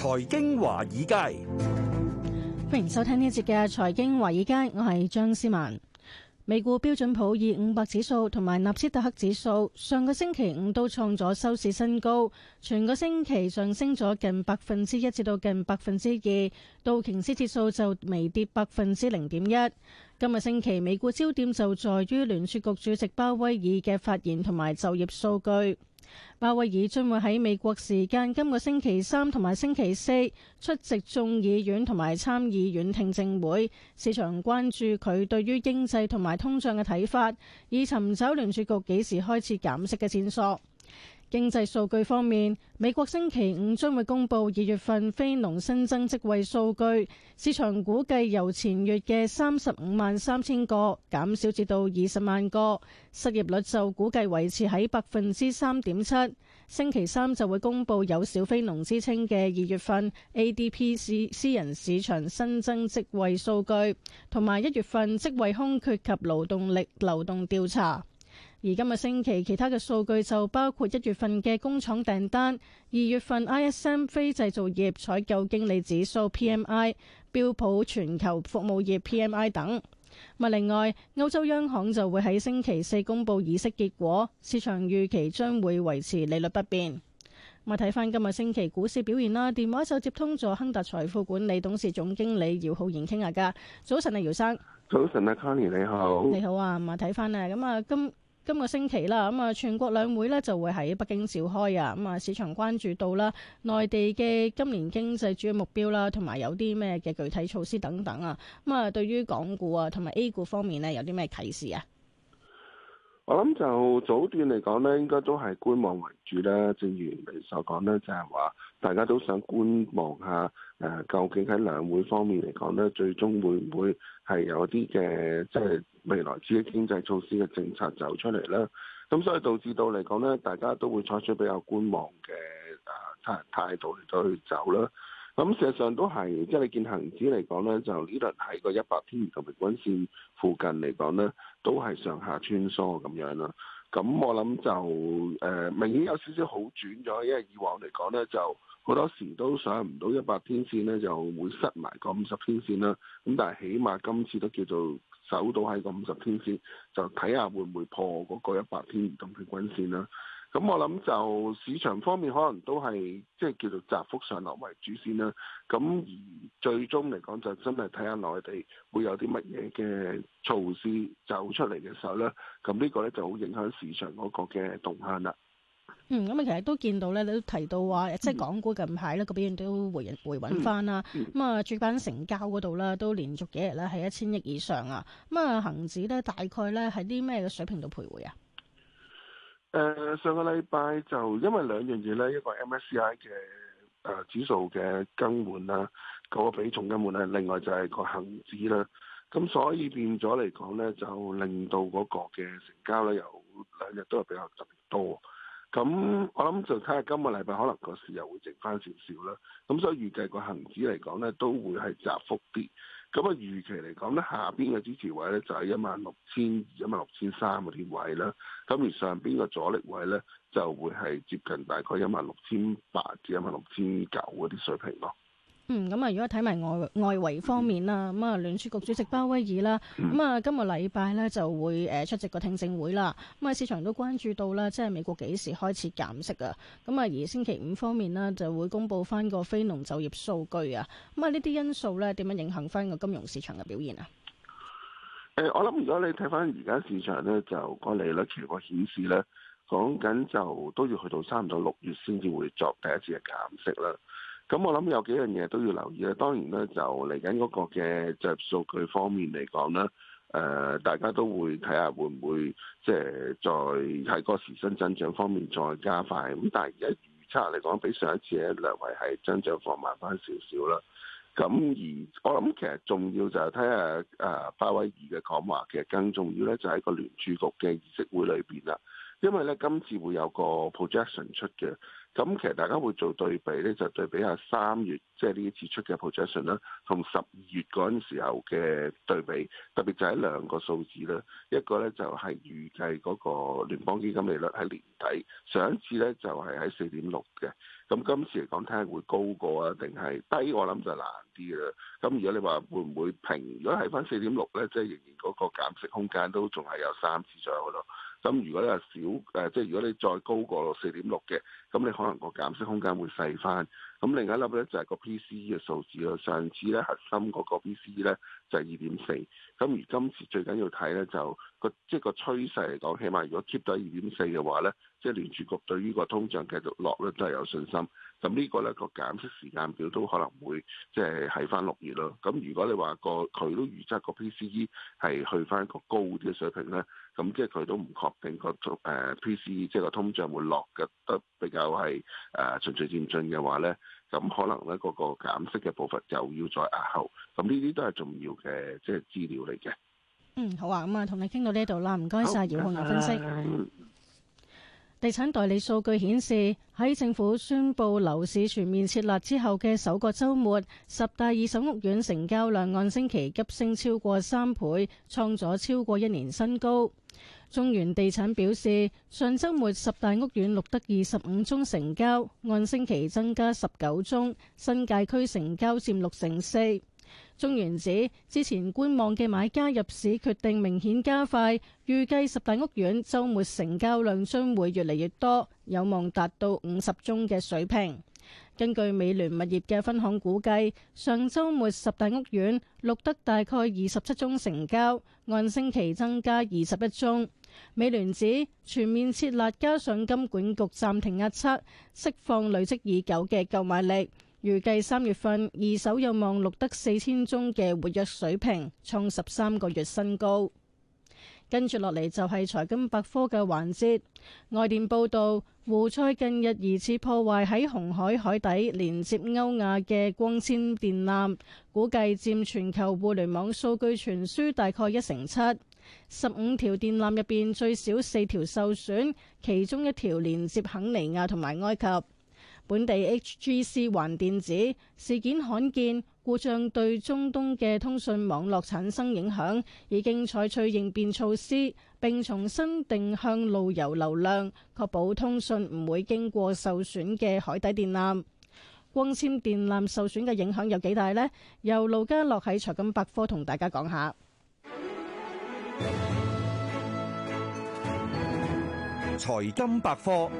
財經華爾街，歡迎收聽呢一節嘅財經華爾街，我係張思曼。美股標準普爾五百指數同埋納斯達克指數上個星期五都創咗收市新高，全個星期上升咗近百分之一至到近百分之二，道瓊斯指數就微跌百分之零點一。今個星期，美股焦點就在於聯儲局主席鮑威爾嘅發言同埋就業數據。鮑威爾將會喺美國時間今個星期三同埋星期四出席眾議院同埋參議院聽證會，市場關注佢對於經濟同埋通脹嘅睇法，以尋找聯儲局幾時開始減息嘅線索。經濟數據方面，美國星期五將會公布二月份非農新增職位數據，市場估計由前月嘅三十五萬三千個減少至到二十萬個，失業率就估計維持喺百分之三點七。星期三就會公布有小非農之稱嘅二月份 ADP 私私人市場新增職位數據，同埋一月份職位空缺及勞動力流動調查。而今日星期，其他嘅數據就包括一月份嘅工廠訂單、二月份 ISM 非製造業採購經理指數 （PMI）、標普全球服務業 PMI 等。咪另外，歐洲央行就會喺星期四公佈議息結果，市場預期將會維持利率不變。咪睇翻今日星期股市表現啦。電話就接通咗亨達財富管理董事總經理姚浩然傾下㗎。早晨啊，姚生。早晨啊，Conny 你好。你好啊，唔係睇翻啊，咁啊今。今個星期啦，咁啊全國兩會呢就會喺北京召開啊，咁啊市場關注到啦內地嘅今年經濟主要目標啦，同埋有啲咩嘅具體措施等等啊，咁啊對於港股啊同埋 A 股方面呢，有啲咩啟示啊？我諗就早段嚟講呢，應該都係觀望為主啦。正如你所講呢，就係話。大家都想觀望下，誒、啊、究竟喺兩會方面嚟講呢，最終會唔會係有啲嘅即係未來刺激經濟措施嘅政策走出嚟咧？咁所以導致到嚟講呢，大家都會採取比較觀望嘅誒、啊、態度嚟到去走啦。咁事實上都係，即、就、係、是、你見恒指嚟講呢就呢輪喺個一百天移動平均線附近嚟講呢，都係上下穿梭咁樣咯。咁我諗就，誒、呃、明顯有少少好轉咗，因為以往嚟講咧就，好多時都上唔到一百天線咧，就會塞埋個五十天線啦。咁但係起碼今次都叫做守到喺個五十天線，就睇下會唔會破嗰個一百天移動平均線啦。咁我諗就市場方面可能都係即係叫做窄幅上落為主先啦。咁而最終嚟講就真係睇下內地會有啲乜嘢嘅措施走出嚟嘅時候咧，咁呢個咧就好影響市場嗰個嘅動向啦。嗯，咁啊，其實都見到咧，你都提到話即係港股近排咧個表現都回回穩翻啦。咁啊，嗯，主板成交嗰度咧都連續幾日咧係一千億以上啊。咁啊，恒指咧大概咧喺啲咩嘅水平度徘徊啊？誒、呃，上個禮拜就因為兩樣嘢咧，一個 MSCI 嘅，誒、呃、指數嘅更換啦，嗰、那個比重更換咧，另外就係個恒指啦，咁所以變咗嚟講咧，就令到嗰個嘅成交咧又兩日都係比較特別多，咁我諗就睇下今個禮拜可能個市又會剩翻少少啦，咁所以預計個恒指嚟講咧都會係窄幅啲。咁啊，預期嚟講咧，下邊嘅支持位咧就係一萬六千、一萬六千三嗰啲位啦，咁而上邊嘅阻力位咧就會係接近大概一萬六千八至一萬六千九嗰啲水平咯。嗯，咁啊，如果睇埋外外圍方面啦，咁啊、嗯，聯儲局主席鮑威爾啦，咁啊，今個禮拜咧就會誒出席個聽證會啦。咁啊，市場都關注到啦，即係美國幾時開始減息啊？咁啊，而星期五方面呢，就會公布翻個非農就業數據啊。咁啊，呢啲因素咧點樣影響翻個金融市場嘅表現啊？誒、呃，我諗如果你睇翻而家市場咧，就個利率期貨顯示咧，講緊就都要去到三到六月先至會作第一次嘅減息啦。咁我諗有幾樣嘢都要留意咧，當然咧就嚟緊嗰個嘅就數據方面嚟講咧，誒、呃、大家都會睇下會唔會即係再喺個時薪增長方面再加快，咁但係而家預測嚟講，比上一次略為係增長放慢翻少少啦。咁而我諗其實重要就係睇下誒鮑、呃、威爾嘅講話，其實更重要咧就係個聯儲局嘅議息會裏邊啦，因為咧今次會有個 projection 出嘅。咁其實大家會做對比咧，就對比下三月即係呢一次出嘅 projection 啦，同十二月嗰陣時候嘅對比，特別就係兩個數字啦，一個咧就係預計嗰個聯邦基金利率喺年底上一次咧就係喺四點六嘅。咁今次嚟講，睇下會高過啊，定係低？我諗就難啲啦。咁如果你話會唔會平？如果係翻四點六咧，即係仍然嗰個減息空間都仲係有三次左右咯。咁如果你話少，誒，即係如果你再高過四點六嘅，咁你可能個減息空間會細翻。咁另一粒咧就係個 PCE 嘅數字咯，上次咧，核心嗰個 PCE 咧就係二點四，咁而今次最緊要睇咧就個即係個趨勢嚟講，起碼如果 keep 到二點四嘅話咧，即係聯儲局對於個通脹繼續落咧都係有信心。咁呢個咧、嗰個減息時間表都可能會即係喺翻六月咯。咁如果你話個佢都預測個 PCE 係去翻一個高啲嘅水平咧，咁即係佢都唔確定個誒、呃、PCE 即係個通脹會落嘅，得比較係誒循序漸進嘅話咧，咁可能咧嗰個減息嘅部分又要再押後。咁呢啲都係重要嘅即係資料嚟嘅。嗯，好啊，咁啊，同你傾到呢度啦，唔該晒，姚浩南分析。嗯。地產代理數據顯示，喺政府宣佈樓市全面設立之後嘅首個週末，十大二手屋苑成交量按星期急升超過三倍，創咗超過一年新高。中原地產表示，上週末十大屋苑錄得二十五宗成交，按星期增加十九宗，新界區成交佔六成四。中原指之前觀望嘅買家入市決定明顯加快，預計十大屋苑周末成交量將會越嚟越多，有望達到五十宗嘅水平。根據美聯物業嘅分行估計，上周末十大屋苑錄得大概二十七宗成交，按星期增加二十一宗。美聯指全面設立加上金管局暫停壓測，釋放累積已久嘅購買力。預計三月份二手有望錄得四千宗嘅活躍水平，創十三個月新高。跟住落嚟就係財經百科嘅環節。外電報道，胡塞近日疑似破壞喺紅海海底連接歐亞嘅光纖電纜，估計佔全球互聯網數據傳輸大概一成七。十五條電纜入邊最少四條受損，其中一條連接肯尼亞同埋埃及。本地 HGC 環電子事件，罕見故障對中東嘅通訊網絡產生影響，已經採取應變措施，並重新定向路由流量，確保通訊唔會經過受損嘅海底電纜。光纖電纜受損嘅影響有幾大呢？由盧家樂喺財金百科同大家講下。財金百科。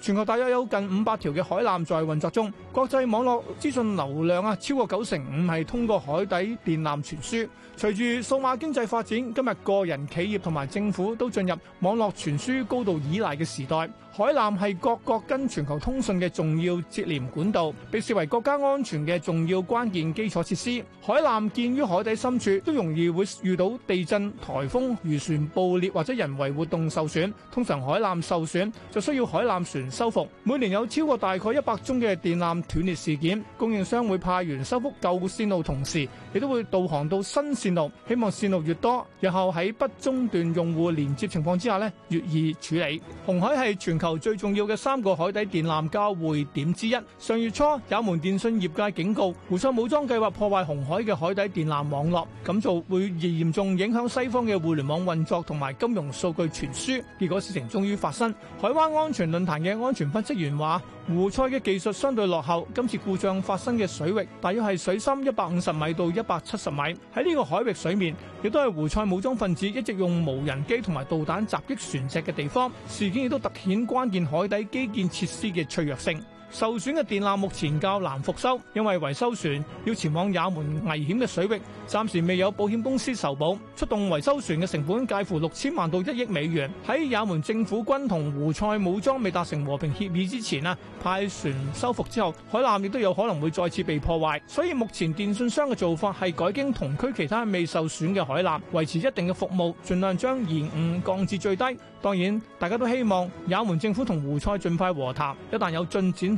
全國大約有近五百條嘅海纜在運作中。國際網絡資訊流量啊，超過九成五係通過海底電纜傳輸。隨住數碼經濟發展，今日個人、企業同埋政府都進入網絡傳輸高度依賴嘅時代。海纜係各國跟全球通訊嘅重要接連管道，被視為國家安全嘅重要關鍵基礎設施。海纜建於海底深處，都容易會遇到地震、颱風、漁船暴裂或者人為活動受損。通常海纜受損就需要海纜船修復。每年有超過大概一百宗嘅電纜斷裂事件，供應商會派員修復舊綫路，同時亦都會導航到新綫路。希望綫路越多，日後喺不中斷用戶連接情況之下咧，越易處理。紅海係全球最重要嘅三個海底電纜交匯點之一。上月初，也門電信業界警告，胡塞武裝計劃破壞紅海嘅海底電纜網絡，咁做會嚴重影響西方嘅互聯網運作同埋金融數據傳輸。結果事情終於發生。海灣安全論壇嘅安全分析員話。胡塞嘅技術相對落後，今次故障發生嘅水域大約係水深一百五十米到一百七十米，喺呢個海域水面亦都係胡塞武裝分子一直用無人機同埋導彈襲擊船隻嘅地方。事件亦都凸顯關鍵海底基建設施嘅脆弱性。受損嘅電纜目前較難復修，因為維修船要前往也門危險嘅水域，暫時未有保險公司受保。出動維修船嘅成本介乎六千萬到一億美元。喺也門政府軍同胡塞武裝未達成和平協議之前，呢派船修復之後，海纜亦都有可能會再次被破壞。所以目前電信商嘅做法係改經同區其他未受損嘅海纜維持一定嘅服務，盡量將延誤降至最低。當然，大家都希望也門政府同胡塞盡快和談，一旦有進展。